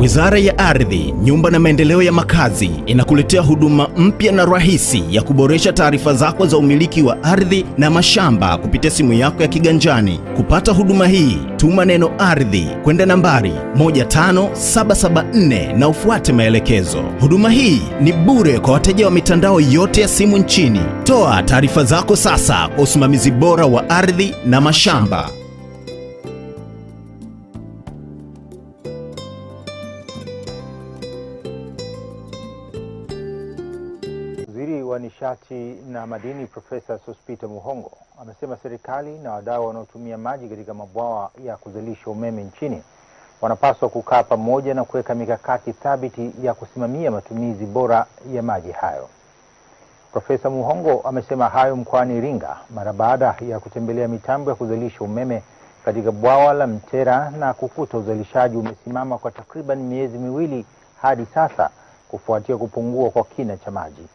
Wizara ya Ardhi, Nyumba na Maendeleo ya Makazi inakuletea huduma mpya na rahisi ya kuboresha taarifa zako za umiliki wa ardhi na mashamba kupitia simu yako ya kiganjani. Kupata huduma hii, tuma neno ardhi kwenda nambari 15774 na ufuate maelekezo. Huduma hii ni bure kwa wateja wa mitandao yote ya simu nchini. Toa taarifa zako sasa kwa usimamizi bora wa ardhi na mashamba. nishati na madini Profesa Sospeter Muhongo amesema serikali na wadau wanaotumia maji katika mabwawa ya kuzalisha umeme nchini wanapaswa kukaa pamoja na kuweka mikakati thabiti ya kusimamia matumizi bora ya maji hayo. Profesa Muhongo amesema hayo mkoani Iringa mara baada ya kutembelea mitambo ya kuzalisha umeme katika bwawa la Mtera na kukuta uzalishaji umesimama kwa takriban miezi miwili hadi sasa kufuatia kupungua kwa kina cha maji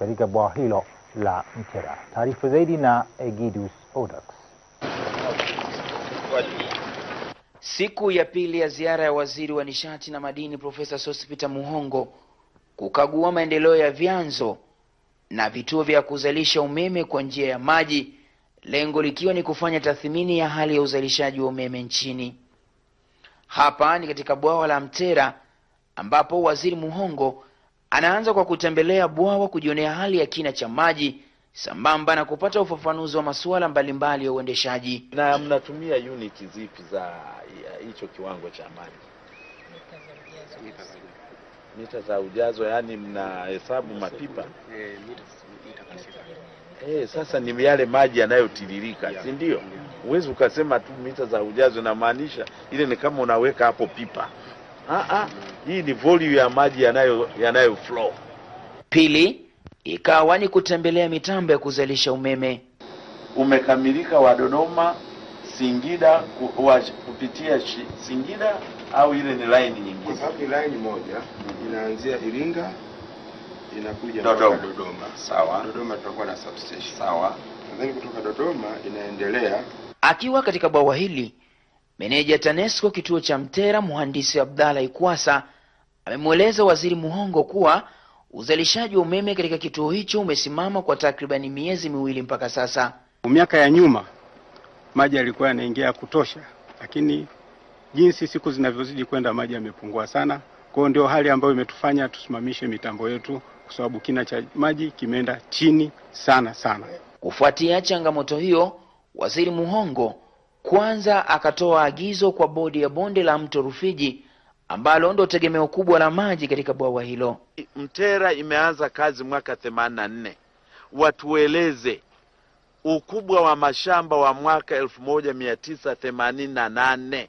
katika bwawa hilo la Mchera. Taarifa zaidi na Egidus Odax. Siku ya pili ya ziara ya waziri wa nishati na madini Profesa Sospeter Muhongo kukagua maendeleo ya vyanzo na vituo vya kuzalisha umeme kwa njia ya maji, lengo likiwa ni kufanya tathmini ya hali ya uzalishaji wa umeme nchini. Hapa ni katika bwawa la Mtera ambapo waziri Muhongo Anaanza kwa kutembelea bwawa kujionea hali ya kina cha maji sambamba na kupata ufafanuzi wa masuala mbalimbali ya uendeshaji. Na mnatumia uniti zipi za hicho kiwango cha maji? Mita za ujazo, yani mna hesabu yani mnahesabu mapipa e, sasa ni yale maji yanayotiririka si ndio? Huwezi ukasema tu mita za ujazo, inamaanisha ile ni kama unaweka hapo pipa Ah, ah, hii ni volume ya maji yanayo yanayo flow. Pili ikawa ni kutembelea mitambo ya kuzalisha umeme umekamilika wa Dodoma Singida kupitia Singida au ile ni line nyingine? Kwa sababu line moja inaanzia Iringa inakuja Dodoma. Dodoma sawa, Dodoma tutakuwa na substation sawa, nadhani kutoka Dodoma inaendelea. Akiwa katika bwawa hili Meneja TANESCO kituo cha Mtera, mhandisi Abdalla Ikwasa amemweleza Waziri Muhongo kuwa uzalishaji wa umeme katika kituo hicho umesimama kwa takribani miezi miwili mpaka sasa. Miaka ya nyuma maji yalikuwa yanaingia ya kutosha, lakini jinsi siku zinavyozidi kwenda maji yamepungua sana. Kwa hiyo ndio hali ambayo imetufanya tusimamishe mitambo yetu kwa sababu kina cha maji kimeenda chini sana sana. Kufuatia changamoto hiyo, Waziri Muhongo kwanza akatoa agizo kwa bodi ya bonde la mto Rufiji ambalo ndo tegemeo kubwa la maji katika bwawa hilo. Mtera imeanza kazi mwaka themanini na nne, watueleze ukubwa wa mashamba wa mwaka elfu moja mia tisa themanini na nane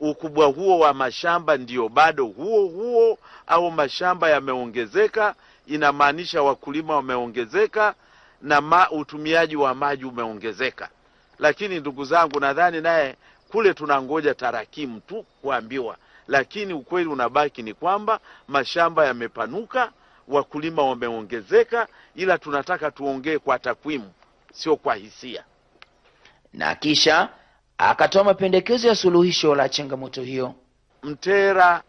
ukubwa huo wa mashamba ndio bado huo huo au mashamba yameongezeka? Inamaanisha wakulima wameongezeka na ma, utumiaji wa maji umeongezeka. Lakini ndugu zangu, nadhani naye kule tunangoja tarakimu tu kuambiwa, lakini ukweli unabaki ni kwamba mashamba yamepanuka, wakulima wameongezeka, ila tunataka tuongee kwa takwimu, sio kwa hisia. Na kisha akatoa mapendekezo ya suluhisho la changamoto hiyo. Mtera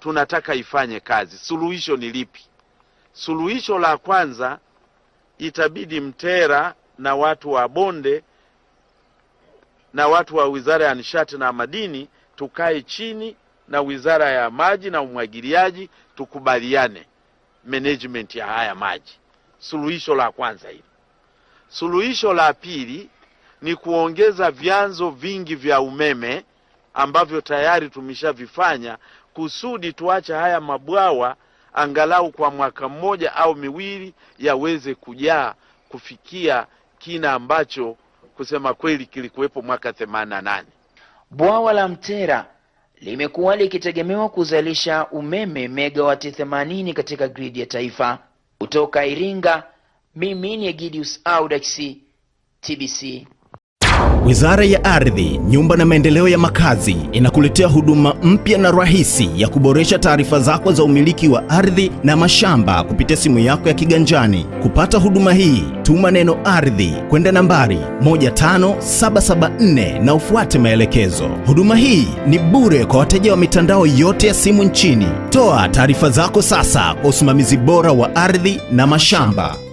tunataka ifanye kazi. Suluhisho ni lipi? Suluhisho la kwanza, itabidi Mtera na watu wa bonde na watu wa wizara ya nishati na madini tukae chini na wizara ya maji na umwagiliaji tukubaliane management ya haya maji. Suluhisho la kwanza hili. Suluhisho la pili ni kuongeza vyanzo vingi vya umeme ambavyo tayari tumeshavifanya kusudi tuache haya mabwawa angalau kwa mwaka mmoja au miwili yaweze kujaa kufikia kina ambacho kusema kweli kilikuwepo mwaka 88. Bwawa la Mtera limekuwa likitegemewa kuzalisha umeme megawati 80 katika gridi ya taifa. Kutoka Iringa, mimi ni Egidius Audax, TBC. Wizara ya Ardhi, Nyumba na Maendeleo ya Makazi inakuletea huduma mpya na rahisi ya kuboresha taarifa zako za umiliki wa ardhi na mashamba kupitia simu yako ya kiganjani. Kupata huduma hii, tuma neno ardhi kwenda nambari 15774 na ufuate maelekezo. Huduma hii ni bure kwa wateja wa mitandao yote ya simu nchini. Toa taarifa zako sasa kwa usimamizi bora wa ardhi na mashamba.